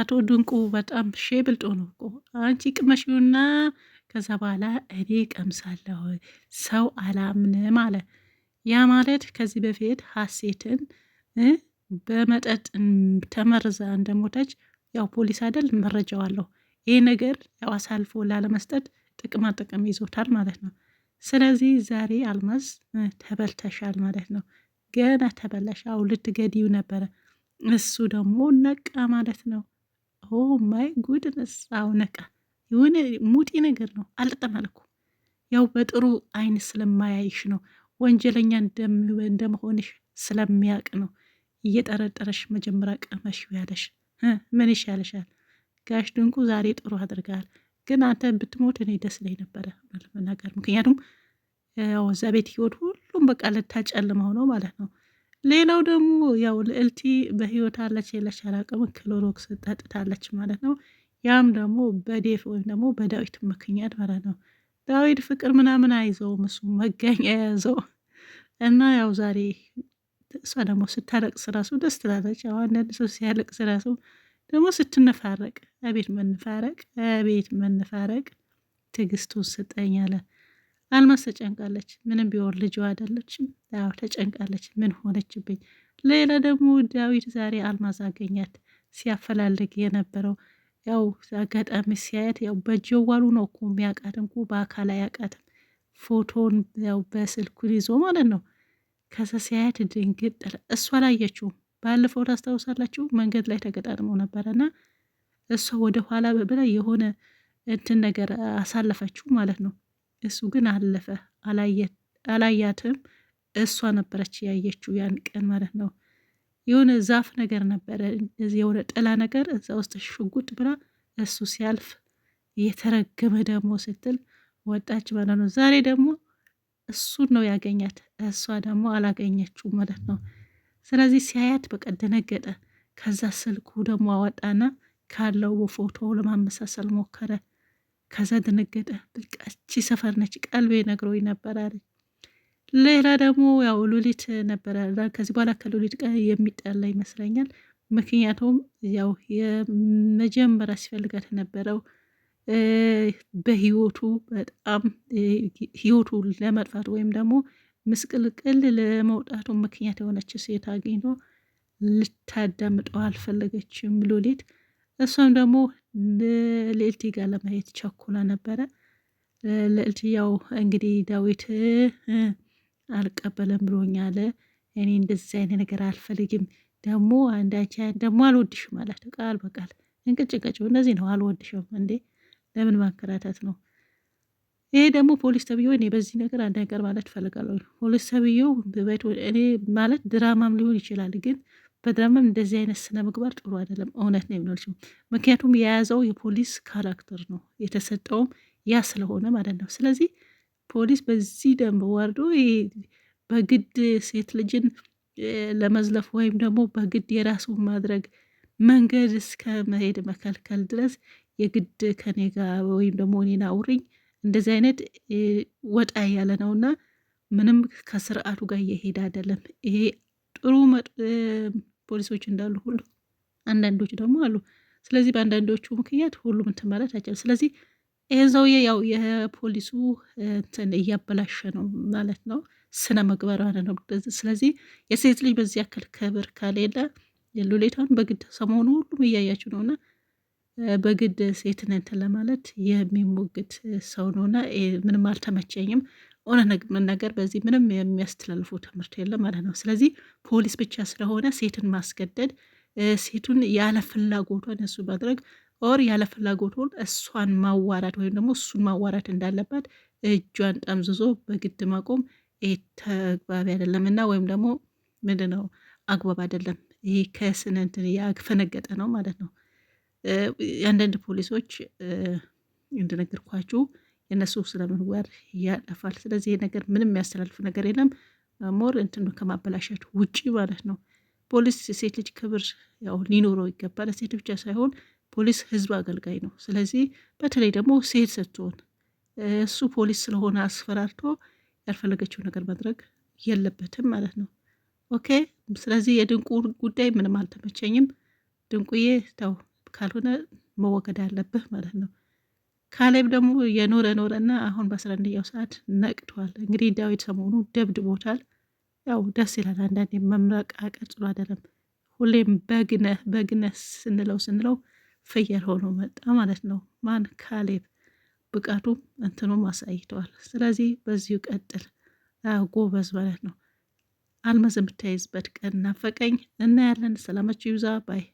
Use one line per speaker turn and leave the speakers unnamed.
አቶ ድንቁ በጣም ሼ ብልጦ ነው እኮ አንቺ ቅመሽውና ከዛ በኋላ እኔ ቀምሳለሁ ሰው አላምንም አለ። ያ ማለት ከዚህ በፊት ሀሴትን በመጠጥ ተመርዛ እንደሞተች ያው ፖሊስ አይደል መረጃዋለሁ። ይሄ ነገር ያው አሳልፎ ላለመስጠት ጥቅማ ጥቅም ይዞታል ማለት ነው። ስለዚህ ዛሬ አልማዝ ተበልተሻል ማለት ነው። ገና ተበላሽ። አዎ ልትገዲው ነበረ። እሱ ደግሞ ነቃ ማለት ነው። ኦ ማይ ጉድነስ አውነቃ የሆነ ሙጢ ነገር ነው። አልጠማልኩ ያው በጥሩ አይን ስለማያይሽ ነው። ወንጀለኛ እንደመሆንሽ ስለሚያቅ ነው እየጠረጠረሽ መጀመሪያ ቀመሽ ያለሽ ምን ይሻለሻል? ጋሽ ድንቁ ዛሬ ጥሩ አድርገሃል፣ ግን አንተ ብትሞት እኔ ደስ ላይ ነበረ ነገር ምክንያቱም እዛ ቤት ህይወት ሁሉም በቃ ልታጨልመው ነው ማለት ነው። ሌላው ደግሞ ያው ልዕልቲ በህይወት አለች የለች አላውቅም፣ ክሎሮክስ ጠጥታለች ማለት ነው። ያም ደግሞ በዴፍ ወይም ደግሞ በዳዊት ምክንያት ማለት ነው። ዳዊት ፍቅር ምናምን አይዘውም እሱ መገኛ የያዘው እና ያው ዛሬ እሷ ደግሞ ስታለቅስ ራሱ ደስ ትላለች። ያው አንዳንድ ሰው ሲያለቅስ ራሱ ደግሞ ስትነፋረቅ፣ አቤት መነፋረቅ፣ አቤት መነፋረቅ፣ ትዕግስቱን ስጠኝ አለ። አልማዝ ተጨንቃለች። ምንም ቢሆን ልጅ አይደለችም። ያው ተጨንቃለች። ምን ሆነችብኝ? ሌላ ደግሞ ዳዊት ዛሬ አልማዝ አገኛት። ሲያፈላልግ የነበረው ያው አጋጣሚ ሲያየት ያው በጀዋሉ ነው እኮ የሚያውቃትም እኮ በአካል አያውቃትም። ፎቶን ያው በስልኩ ይዞ ማለት ነው። ከዛ ሲያየት ድንግጥ አለ። እሷ አላየችውም። ባለፈው ታስታውሳላችሁ መንገድ ላይ ተገጣጥመው ነበረና እሷ ወደኋላ ኋላ ብላ የሆነ እንትን ነገር አሳለፈችው ማለት ነው። እሱ ግን አለፈ፣ አላያትም። እሷ ነበረች ያየችው ያን ቀን ማለት ነው። የሆነ ዛፍ ነገር ነበረ፣ የሆነ ጥላ ነገር እዛ ውስጥ ሽጉጥ ብላ እሱ ሲያልፍ የተረገመ ደግሞ ስትል ወጣች ማለት ነው። ዛሬ ደግሞ እሱን ነው ያገኛት፣ እሷ ደግሞ አላገኘችው ማለት ነው። ስለዚህ ሲያያት በቃ ደነገጠ። ከዛ ስልኩ ደግሞ አወጣና ካለው ፎቶ ለማመሳሰል ሞከረ። ከዛ ደነገጠ። ብቃቺ ሰፈር ነች ቀልቤ ነግሮኝ ነበር አለ። ሌላ ደግሞ ያው ሉሊት ነበረ። ከዚህ በኋላ ከሉሊት ጋር የሚጠላ ይመስለኛል። ምክንያቱም ያው የመጀመሪያ ሲፈልጋት የነበረው በህይወቱ በጣም ህይወቱ ለመጥፋት ወይም ደግሞ ምስቅልቅል ለመውጣቱ ምክንያት የሆነች ሴት አግኝቶ ልታዳምጠው አልፈለገችም ሉሊት። እሷም ደግሞ ልዕልቲ ጋር ለማየት ቸኩላ ነበረ። ልዕልቲ ያው እንግዲህ ዳዊት አልቀበለም ብሎኛል፣ እኔ እንደዚህ አይነት ነገር አልፈልግም፣ ደግሞ አንዳቻ ደግሞ አልወድሽም አላት። ቃል በቃል እንቅጭ እንቅጭ። እነዚህ ነው አልወድሽም እንዴ! ለምን ማከራታት ነው? ይሄ ደግሞ ፖሊስ ተብዬው እኔ በዚህ ነገር አንድ ነገር ማለት ፈልጋለሁ። ፖሊስ ተብዬው እኔ ማለት ድራማም ሊሆን ይችላል ግን በደምብ እንደዚህ አይነት ስነ ምግባር ጥሩ አይደለም። እውነት ነው የሚለው ምክንያቱም የያዘው የፖሊስ ካራክተር ነው የተሰጠውም ያ ስለሆነ ማለት ነው። ስለዚህ ፖሊስ በዚህ ደንብ ወርዶ በግድ ሴት ልጅን ለመዝለፍ ወይም ደግሞ በግድ የራሱ ማድረግ መንገድ እስከ መሄድ መከልከል ድረስ የግድ ከኔ ጋር ወይም ደግሞ እኔን አውሪኝ እንደዚህ አይነት ወጣ ያለ ነው እና ምንም ከስርዓቱ ጋር እየሄደ አይደለም ይሄ ጥሩ ፖሊሶች እንዳሉ ሁሉ አንዳንዶች ደግሞ አሉ። ስለዚህ በአንዳንዶቹ ምክንያት ሁሉም እንትን ማለት አይቻልም። ስለዚህ ይህ ሰውዬ ያው የፖሊሱ እንትን እያበላሸ ነው ማለት ነው፣ ስነ ምግባር ነው። ስለዚህ የሴት ልጅ በዚህ ያክል ክብር ከሌለ ሉሌታን በግድ ሰሞኑ ሁሉም እያያችሁ ነውና በግድ ሴትን እንትን ለማለት የሚሞግት ሰው ነውና ምንም አልተመቸኝም። ሆነ መናገር በዚህ ምንም የሚያስተላልፉ ትምህርት የለም ማለት ነው። ስለዚህ ፖሊስ ብቻ ስለሆነ ሴትን ማስገደድ ሴቱን ያለ ፍላጎቷን እሱ ማድረግ ኦር ያለ ፍላጎቷን እሷን ማዋራት ወይም ደግሞ እሱን ማዋራት እንዳለባት እጇን ጠምዝዞ በግድ ማቆም ተግባቢ አይደለም እና ወይም ደግሞ ምንድን ነው አግባብ አይደለም። ይህ ከስነ እንትን ያፈነገጠ ነው ማለት ነው። አንዳንድ ፖሊሶች እንደነገርኳችሁ የእነሱ ስነ ምግባር ያጠፋል። ስለዚህ ይህ ነገር ምንም የሚያስተላልፍ ነገር የለም ሞር እንትኑ ከማበላሸት ውጪ ማለት ነው። ፖሊስ የሴት ልጅ ክብር ያው ሊኖረው ይገባል። ሴት ብቻ ሳይሆን ፖሊስ ህዝብ አገልጋይ ነው። ስለዚህ በተለይ ደግሞ ሴት ስትሆን እሱ ፖሊስ ስለሆነ አስፈራርቶ ያልፈለገችው ነገር ማድረግ የለበትም ማለት ነው። ኦኬ። ስለዚህ የድንቁ ጉዳይ ምንም አልተመቸኝም። ድንቁዬ ተው፣ ካልሆነ መወገድ አለብህ ማለት ነው። ካሌብ ደግሞ የኖረ ኖረና አሁን በአስራ አንደኛው ሰዓት ነቅቷል። እንግዲህ ዳዊት ሰሞኑ ደብድቦታል። ያው ደስ ይላል አንዳንዴ መምረቃቀር ጥሩ አይደለም። ሁሌም በግነ በግነህ ስንለው ስንለው ፍየል ሆኖ መጣ ማለት ነው። ማን ካሌብ ብቃቱ እንትኑ አሳይተዋል። ስለዚህ በዚሁ ቀጥል ጎበዝ ማለት ነው። አልመዝ የምታይዝበት ቀን እናያለን። ሰላማችሁ ይብዛ ባይ